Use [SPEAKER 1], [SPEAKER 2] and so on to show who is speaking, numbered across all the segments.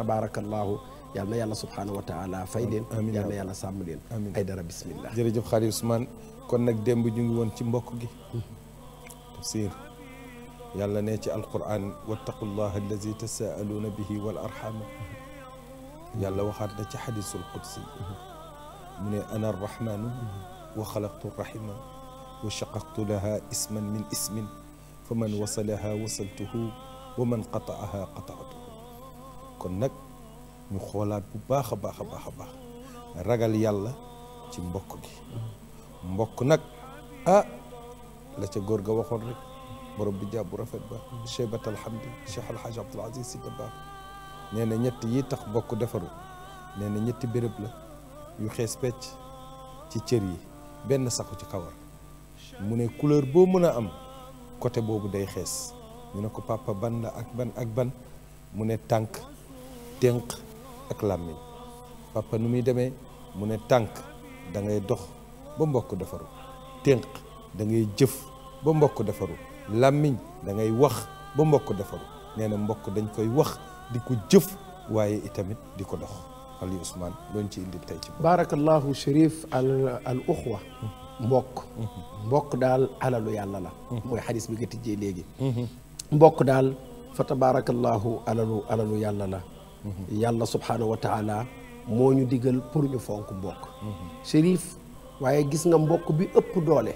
[SPEAKER 1] تبارك الله يا يالما الله سبحانه وتعالى فايدين يا يالما يالا سامدين اي دار بسم
[SPEAKER 2] الله جيرجيف خالد عثمان كون نك ديمب جيغي وون سي مبوك جي تفسير يالا ني سي القران واتقوا الله الذي تساءلون به والارحام يا الله دا لك حديث القدسي من انا الرحمن وخلقت الرحمة وشققت لها اسما من اسم فمن وصلها وصلته ومن قطعها قطعته kon nag ñu xoolaat bu baax a baax a baax a baax ragal yàlla ci mbokk gi mbokk nag ah la ca góor ga waxoon rek borob bi jàbbu rafet ba chebat alhamdi cheikh alhaj abdul aziz si dabaax nee na ñett yi tax mbokk defaru nee na ñetti bërëb la yu xees pecc ci cër yi benn saxu ci kawar mu ne couleur boo mën a am côté boobu day xees ñu ne ko papa ban la ak ban ak ban mu ne tànk dénk ak làmmiñ papa nu muy demee mu ne tànk da ngay dox ba mbokk defaru dénk dangay jëf ba mbokk defaru làmmiñ da ngay wax ba mbokk defaru nee na mbokk dañ koy wax di ko jëf waaye itamit di ko dox Ali Ousmane looñ ci indi tey ci
[SPEAKER 1] barakallahu Chérif al mm-hmm. Mm-hmm. daal alalu yàlla la mm-hmm. mooy xadis bi nga tijjee léegi mbokk daal fa tabarakallahu alalu alalu yàlla la yàlla subhaanahu wa taala moo ñu digal pour ñu fonk mbokk shérif waaye gis nga mbokk bi ëpp doole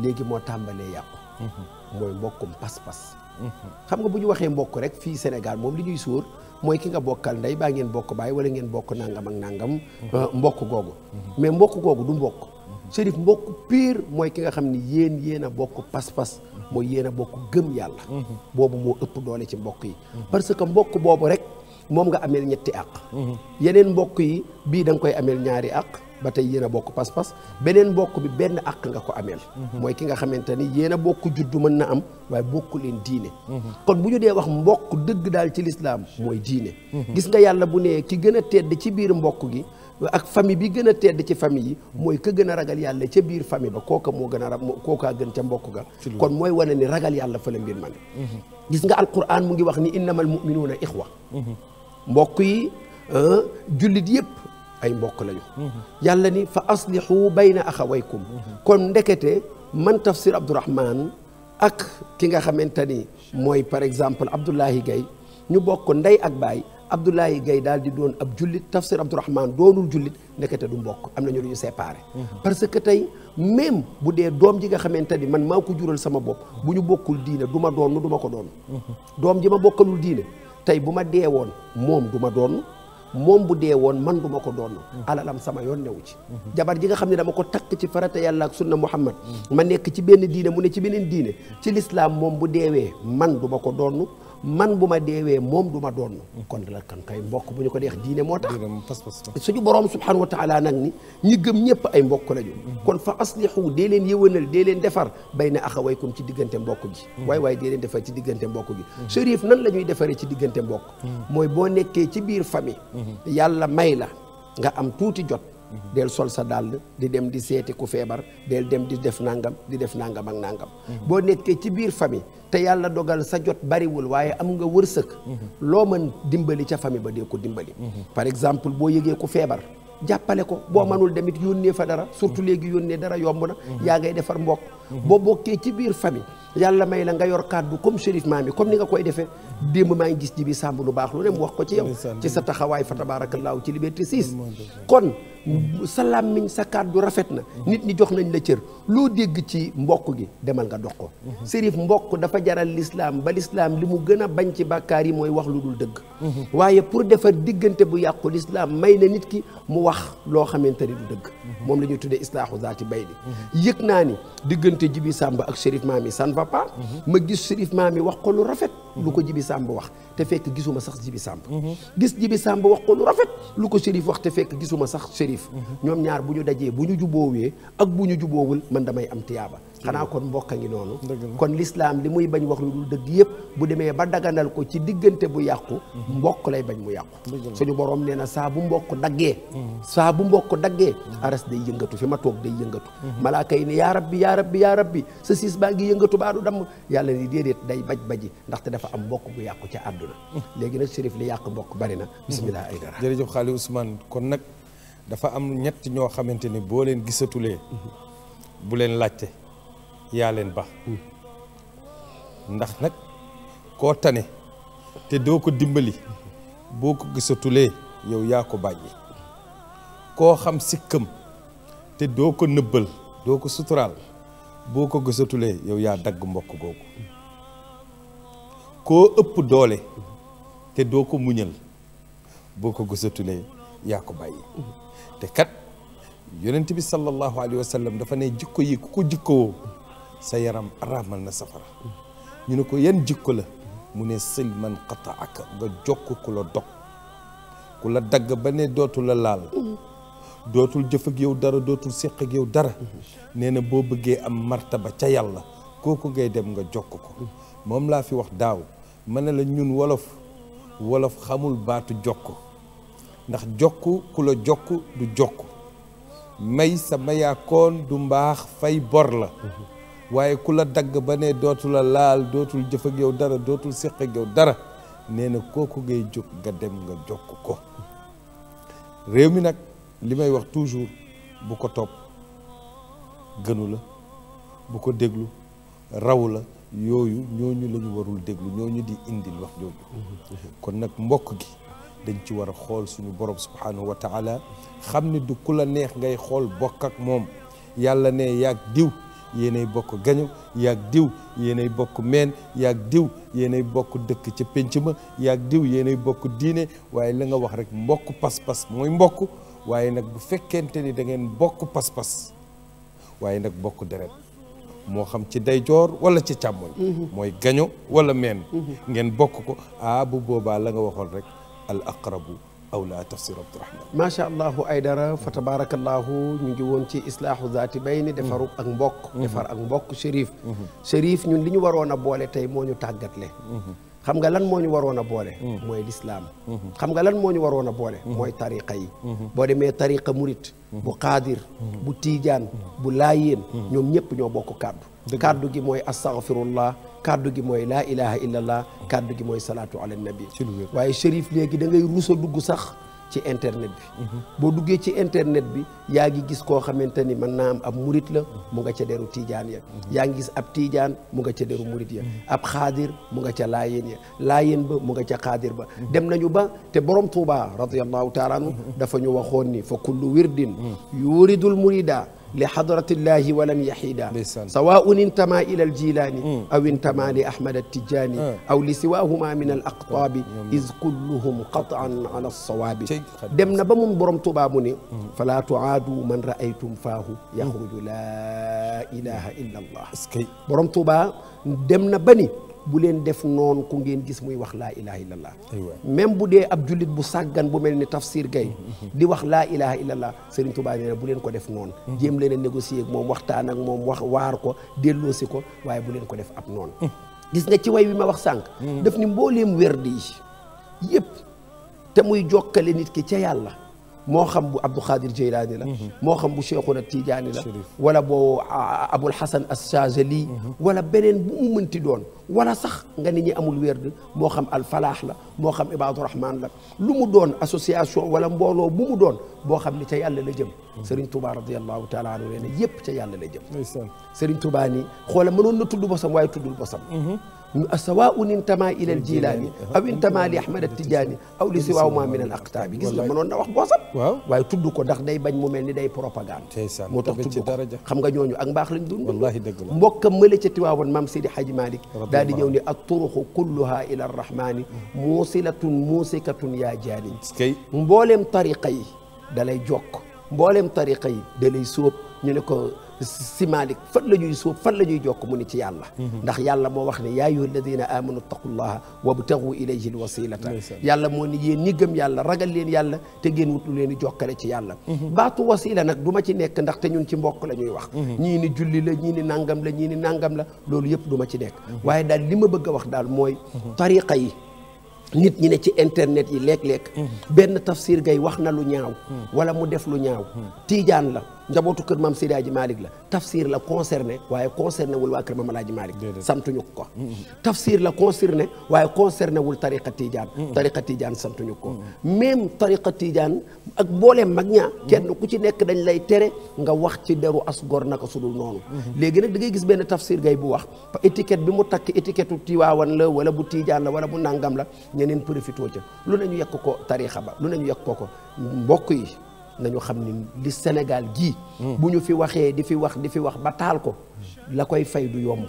[SPEAKER 1] léegi moo tàmbalee yàqu mooy mbokkum pas-pas xam nga bu ñu waxee mbokk rek fii Sénégal moom li ñuy sóor mooy ki nga bokkal ndey baa ngeen bokk baay wala ngeen bokk nangam ak nangam euh, mbokk googu mais mbokk googu du mbokk Chérif mbokk pire mooy ki nga xam ni yéen yéen a bokk pas-pas mooy yéen a bokk gëm yàlla mmh. boobu moo ëpp doole ci mbokk yi parce que mom nga amel ñetti ak yenen mbokk yi bi dang koy amel ñaari ak batay yena bokk pass pass benen mbokk bi ben ak nga ko amel moy ki nga xamanteni yena bokk juddu mën na am way bokku len diine kon buñu dé wax mbokk deug dal ci l'islam moy diine gis nga yàlla bu né ki gëna tedd ci biir mbokk gi ak fami bi gëna tedd ci fami yi moy ke gëna ragal yàlla ci biir fami ba koka mo gëna a ra gën ci mbokk ga kon moy wone ni ragal yàlla fa la mbir man gis nga alquran mu ngi wax ni innamal mu'minuna ikhwa mbokk yi euh, jullit yëpp ay mbokk lañu. Mhm. yàlla ni fa aslihu bayna axawaykum mhm. kon ndekete man tafsir Abdourahman ak ki nga xamante ni mooy par exemple Abdoulahi Gaye ñu bokk ndey ak baay Abdoulahi gay daal di doon ab jullit tafsir Abdourahman doonul jullit ndekete du mbokk am nañu lu ñu séparé. Mhm. parce que tey même bu dee doom ji nga xamante ni man maa ko jural sama bopp bu ñu bokkul diine du ma doon du ma ko doon. doom ji ma bokkalul diine. tey bu ma dee woon moom du ma doon moom bu dee woon man du ma ko doon mm-hmm. alalam sama yoon newu ci jabar ji xam ne dama ko takk ci farata yàlla ak sunna muhammad mm-hmm. ma nekk ci benn diine mu ne ci beneen diine ci lislaam moom bu deewee man du ma ko donn man bu ma deewee moom du ma doon kon la kan kay mbokk bu ñu ko deex diine moo tax suñu borom subhanahu wa taala nag ni ñi gëm ñëpp ay mbokk lañu kon fa aslihu dee leen yëwanal dee leen defar bayna axawaykum ci diggante mbokk gi waay waay leen defar ci diggante mbokk gi Chérif nan la ñuy defaree ci diggante mbokk hmm. mooy boo nekkee ci biir famille hmm. yàlla may la nga am tuuti jot Mm-hmm. del sol sa dàll di dem di seeti ku feebar del dem di def nangam di def nangam ak nangam. Mm-hmm. boo nekkee ci biir famille te yàlla dogal sa jot bariwul waaye am nga wërsëg. Mm-hmm. loo man dimbali ca famille ba dee ko dimbali. par exemple boo yëgee ku feebar. jàppale ko boo mënul demit yónnee fa dara surtout léegi yónnee dara yomb na yaa ngay defar mbokk boo bokkee ci biir famille yàlla may la nga yor kàddu comme shérif maam yi comme ni nga koy defee démb maa ngi gis ji lu baax lu ne wax ko ci taxawaay fa tabaarakallaahu ci liberté 6 sa làmmiñ sa kàddu rafet na nit ñi jox nañ la cër loo dégg ci mbokk gi demal nga dox ko sérif mbokk dafa jaral lislaam ba lislaam li mu gën a bañ ci bàkkaar yi mooy wax lu dul dëgg waaye pour defar diggante bu yàqu lislaam may na nit ki mu wax loo xamante ni du dëgg moom la ñuy tuddee islaahu zaati bay bi yëg naa ni diggante jibi sàmba ak sérif maami san ne ma gis sérif maami wax ko lu rafet lu ko jibi sàmba wax te fekk gisuma sax jibi sàmba mhm. gis jibi sàmba wax fekk gisuma sax shérif ñoom ñaar bu ñu dajee bu ñu jubboowee ak bu ñu jubboowul man damay am tiyaaba xanaa kon mbokk a ngi noonu kon lislaam li muy bañ wax lu dul dëgg yëpp bu demee ba daganal ko ci diggante bu yàqu mhm. mbokk lay bañ mu yàqu suñu boroom nee na saa bu mbokk daggee mhm. saa bu mbokk daggee aras day yëngatu fi ma toog day yëngatu mhm. malaaka yi ne yaa rabbi yaa rabbi yaa rabbi sa siis baa ngi yëngatu baa du damm yàlla ni déedéet day baj baji ndaxte dafa am mbokk bu yàqu ca àdduna yàq mbokk bari na
[SPEAKER 2] dafa am ñett ñoo xamante ni boo leen gisatulee bu leen laajte yaa leen ba ndax nag koo tane te doo ko dimbali boo ko gisatulee yow yaa ko bàyyi koo xam sikkam te doo ko nëbbal doo ko suturaal boo ko gisatulee yow yaa dagg mbokk googu koo ëpp doole te doo ko muñal boo ko gisatulee yaa ko bàyyi te kat yonent bi sallallahu alayhi wa dafa ne jikko yi ku ko jikkoo sa yaram araamal na safara ñu ne ko yan jikko la mu ne silman qata aka nga jokk ku la dog ku la dagg ba ne dootu la laal dootul jëf ak yow dara dootul séq ak yow dara nee na boo bëggee am martaba ca yàlla kooku ngay dem nga jokk ko moom laa fi wax daaw ma ne la ñun wolof wolof xamul baatu jokk ndax jokk ku la jokk du jokk may sa mayaakoon du mbaax fay bor la waaye ku la dagg ba ne dootul la laal dootul jëf ak yow dara dootul séq yow dara nee na kooku ngay jóg nga dem nga jokk ko réew mi nag li may wax toujours bu ko topp gënu la bu ko déglu raw la yooyu ñooñu la ñu warul déglu ñooñu di indil wax jooju mhm. kon nag mbokk gi dañ ci war a xool suñu borom subhanahu wa taala xam ni du ku la neex ngay xool bokk ak moom yàlla ne yaag diw yéenay bokk gañu yaag diw yéenay bokk meen yaag diw yéenay bokk dëkk ca pénc ma yaag diw yéenay bokk diine waaye la nga wax rek mbokk pas-pas mooy mbokk waaye nag bu fekkente ni da ngeen bokk pas-pas waaye nag bokk deret moo xam ci ndeyjoor wala ci càmmoñ mm-hmm. mooy gaño wala meen mm-hmm. ngeen bokk ko ah bu boobaa la nga waxoon rek al aqrabu awla tafsir abdourahman
[SPEAKER 1] macha allahu aydara fa tabarakallahu ñu ngi woon ci islaahu zaati bayni defaru ak mbokk mhm. defar ak mbokk shérif shérif mhm. ñun li ñu waroon a boole tey moo ñu tàggatle mhm. xam nga lan moo ñu waroon a boole mooy lislaam xam nga lan moo ñu waroon a boole mooy tariqa yi boo demee tariqa murit bu qaadir bu tiijaan bu laayeen ñoom ñëpp ñoo bokk kàddu kàddu gi mooy astaghfirullah kaddu gi mooy laa ilaha illallah kaddu gi mooy salaatu ala nabi waaye Chérif léegi da ngay rus dugg sax ci internet bi mhm. boo duggee ci internet bi yaa ngi gis koo xamante ni mën naa am ab murit la mu nga ca deru tiijaan ya mhm. yaa ngi gis ab tiijaan mu nga ca deru murit ya mhm. ab xaadir mu nga ca laayeen ya laayeen ba mu nga ca xaadir ba dem nañu ba te borom Tuuba radiallahu taala dafa ñu waxoon ni fa kullu wirdin yuridul murida لحضرة الله ولم يحيدا سواء انتمى إلى الجيلاني أو انتمى لأحمد التجاني أو لسواهما من الأقطاب إذ كلهم قطعا على الصواب دمنا بمن برمت بابني فلا تعادوا من رأيتم فاه يخرج لا إله إلا الله برمت باب دمنا بني bu leen def noonu ku ngeen gis muy wax laa ilaha illallah même bu dee ab jullit bu sàggan bu mel ni tafsir gay di wax laa ilaha illallah Serigne Touba nee na bu leen ko def noonu jéem leen a négocier ak moom waxtaan ak moom wax waar ko delloosi ko waaye bu leen ko def ab noonu gis nga ci way wi ma wax sànq mm. def ni mbooleem werd yi yëpp te muy jokkale nit ki ca yàlla moo xam bu Abdou Khadir Jeylaani la mhm. moo xam bu Cheikhuna Tijaani la wala boo Abul Hasan Ash-Shaazili mhm. wala beneen bu mu mënti doon wala sax nga ni ñi amul weer werd moo xam alfalaax la moo xam Ibaadu Rahmaan la lu mu doon association wala mbooloo bu mu doon boo xam ni ca yàlla la jëm mhm. Serigne Touba radiyallahu taala anhu nee na yëpp ca yàlla la jëm Serigne Touba nii xoola noon na tudd bosam waaye tuddul bosam sawaaun intama ila al jilaani aw intama li ahmad al tijaani aw li siwaaw ma min al aqtaabi gis nga mënoon na wax boosam waaw waaye tudd day bañ mu mel ni day propagande moo tax tudd ko xam nga ñooñu ak mbaax lañ dund wallaahi dëgg la mbokka mële ca tiwaawoon maam Sidi Hadji Malick daal di ñëw ni ak turuxu kulluha ila arrahmani muusilatun muusikatun yaa jaani mbooleem tariqa yi dalay jokk mbooleem tariqa yi dalay sóob ñu ne ko si Malick fan la ñuy suuf fan la ñuy jokk mu ni ci yàlla ndax yàlla moo wax ne yaa ayyuha alladina amanu taqullaha wabtagu ilayhi alwasilata yàlla moo ni yéen ñi gëm yàlla ragal leen yàlla te ngeen wut lu leen di jokkale ci yàlla baatu wasila nag du ma ci nekk ndaxte ñun ci mbokk la ñuy wax ñii ni julli la ñii nangam la ñii ni loolu yëpp du ma nekk waaye daal li ma a wax daal mooy tariqa yi nit ñi ne internet yi léeg-léeg mhm. benn tafsir gay wax na lu ñaaw wala mu def la njabootu kër mam Seydi Hadji Malick la tafsir la concerné waaye concerné wul waa kër maam Alaaji Malick santuñu ko tafsir la concerné waaye concerné wul tariqa Tidiane mm. tariqa Tidiane santuñu ko même tariqa Tidiane ak boole mag ñaa kenn ku ci nekk dañ lay tere nga wax ci deru asgor naka sudul noonu mm-hmm. léegi nag da ngay gis benn tafsir gay bu wax étiquette bi mu takk étiquette Tiwaawan la wala bu Tidiane la wala bu nangam la ñeneen profité ca lu nañu yekk ko tariqa ba lu nañu yekk ko ko mbokk yi nañu xam ni di Sénégal gii hmm. bu ñu fi waxee di fi wax di fi wax ba taal ko
[SPEAKER 2] hmm.
[SPEAKER 1] la koy fay du yomb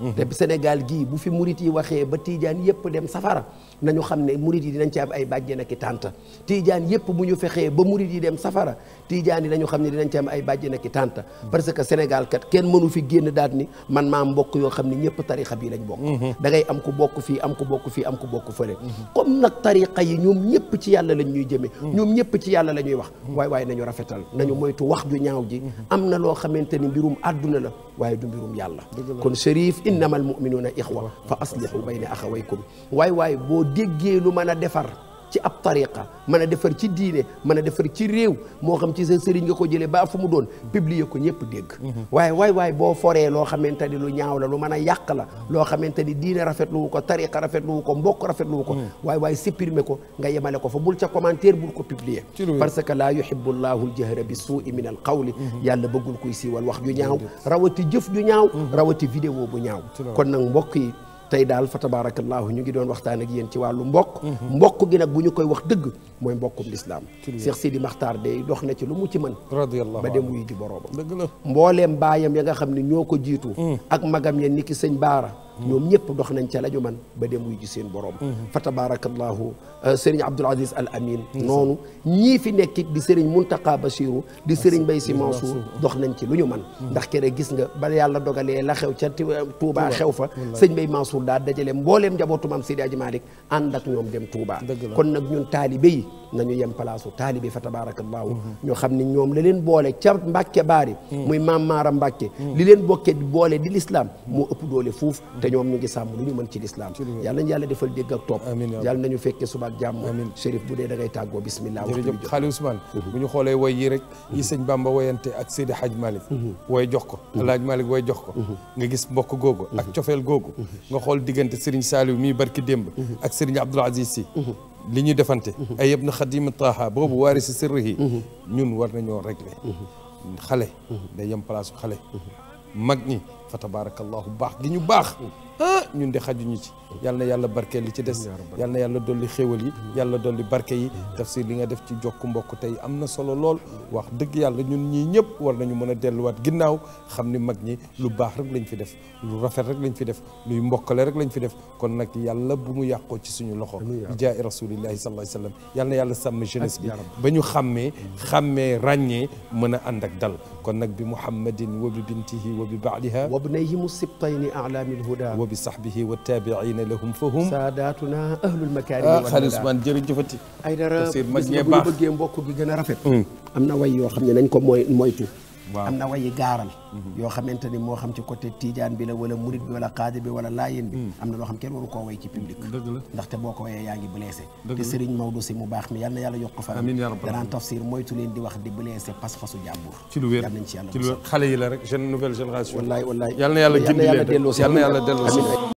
[SPEAKER 1] Mhm. te Sénégal gii bu fi murit yi waxee ba tiijaan yëpp dem safara nañu xam ne murit yi dinañ ci am ay bàjjen ak i tànt tiijaan yëpp bu ñu fexee ba murit yi dem safara tiijaan yi nañu xam ne dinañ ci am ay bàjjen ak i tànt mhm. parce que Sénégal kat kenn mënu fi génn daat ni man maa mbokk yoo xam ne ñëpp tarixa bii lañ bokk mhm. da ngay am ku bokk fii am ku bokk fii am ku bokk fële comme nag tarixa yi ñoom ñëpp ci yàlla lañ ñuy jëme ñoom ñëpp ci yàlla la ñuy wax waay waaye nañu rafetal nañu moytu wax ju ñaaw ji am na loo xamante ni mbirum àdduna la waaye du yàlla انما المؤمنون اخوه فاصلحوا بين اخويكم واي واي بو ديغي لو مانا ci ab tariqa mën a defar ci diine mën a defar ci réew moo xam ci sa sëriñ nga ko jëlee ba fu mu doon publier ko ñëpp dégg mhm. waaye waay waay boo foree loo xamante ni lu ñaaw la lu mën a yàq la loo xamante ni diine rafetluwu ko tariqa rafetluwu ko mbokk rafetluwu ko waaye mhm. waaye supprimer ko nga yemale ko fa bul ca commentaire bul ko publier parce que laa yuhibbu llahu ljahra bi suui min al qawli mhm. yàlla bëggul kuy siiwal wax ju ñaaw rawati jëf ju ñaaw rawati vidéo bu ñaaw kon nag mbokk yi tey daal fa tabaarakallaahu ñu ngi doon waxtaan ak yéen ci wàllu mbokk mbokk gi nag bu ñu koy wax dëgg mooy mbokkum lislaam Cheikh Sidi Maxtaar day dox na ci lu mu ci mën ba dem wuy ji boroomam dëgg la mbooleem baayam ya nga xam ne ñoo ko jiitu mm. ak magam ya niki sëñ baara mm. ñoom ñëpp dox ca la ñu man ba dem wuy ji seen borom. Mm-hmm. fa tabarakallahu euh, sëriñ Abdul Aziz Al Amin. noonu ñii fi nekkit di sëriñ Muntaqa Basiru di sëriñ Bay Si Mansour dox nañ ci lu ñu man mm-hmm. ndax kere gis nga ba yàlla dogalee la xew ca Tuubaa xew fa sëñ Bay Mansour Sow daa dajale mbooleem njabootu maam Seydi Aji Malick ànd ak ñoom dem Touba kon nag ñun taalibe yi nañu yem palaasu taalibe fa tabaarakallaahu mhm. ñu xam ne ñoom la leen boole ca Mbàkke baari mhm. muy maam Maara Mbàkke mhm. li leen bokkee boole di lislaam moo ëpp doole fuuf te ñoom ñu ngi sàmm lu ñu mën ci lislaam yàlla nañu yàlla defal dégg ak topp yàlla nañu fekkee suba ak jàmm Chérif bu dee da ngay
[SPEAKER 2] tàggoo bismillah jërëjëf Xaali Ousmane bu ñu xoolee way yi rek yi sëñ Bamba wayante ak Seydi Hadj Malick way jox ko jox ko nga gis mbokk googu ak cofeel googu xool diggante Serigne Saliou mii barki démb ak Serigne Abdoul Aziz Sy li ñuy defante ay ibn Xadim Taaha boobu waari si sirrihi ñun war nañoo régler xale day yem place xale mag ñi fa tabaarakallaahu baax gi ñu baax ah ñun de xajuñu ci yal na yàlla barkeel li ci des yal na yàlla dolli xéwal yi yàlla dolli barke yi tafsir li nga def ci jokku mbokk tey am na solo lool wax dëgg yàlla ñun ñii ñëpp war nañu mën a delluwaat ginnaaw xam ni mag ñi lu baax rek lañ fi def lu rafet rek lañ fi def luy mbokkale rek lañ fi def kon nag yàlla bu mu yàqoo ci suñu loxo jaay rasulillahi sallallahu alayhi wasallam yal na yàlla sàmm jeunesse bi ba ñu xàmmee xàmmee ràññee mën a ànd ak dal kon nag bi muhammadin wa bi bintihi wa bi baaliha وابنيهم السبطين أعلام الهدى وبصحبه والتابعين لهم فهم ساداتنا أهل المكارم آه خالص من جري جفتي أين رأى بسم الله بقى بقى
[SPEAKER 1] بقى بقى بقى بقى بقى بقى بقى بقى بقى بقى am na wayi garal yo xamanteni mo xam ci côté tidiane bi la wala murit bi wala xaadir bi wala laayeen bi am na loo xam kenn waru ko way ci public ndax te boko waye yaangi blessé te Serigne mawdou si mu bax mi yal na yàlla yokk ko faram danaan tafsir moytu len di wax di blesse pass passu jambour
[SPEAKER 2] ci lu wér ci lu
[SPEAKER 1] xale yi la rek jeune nouvelle génération wallaay wallaay yal na yàlla gindi leen yal na yàlla delloo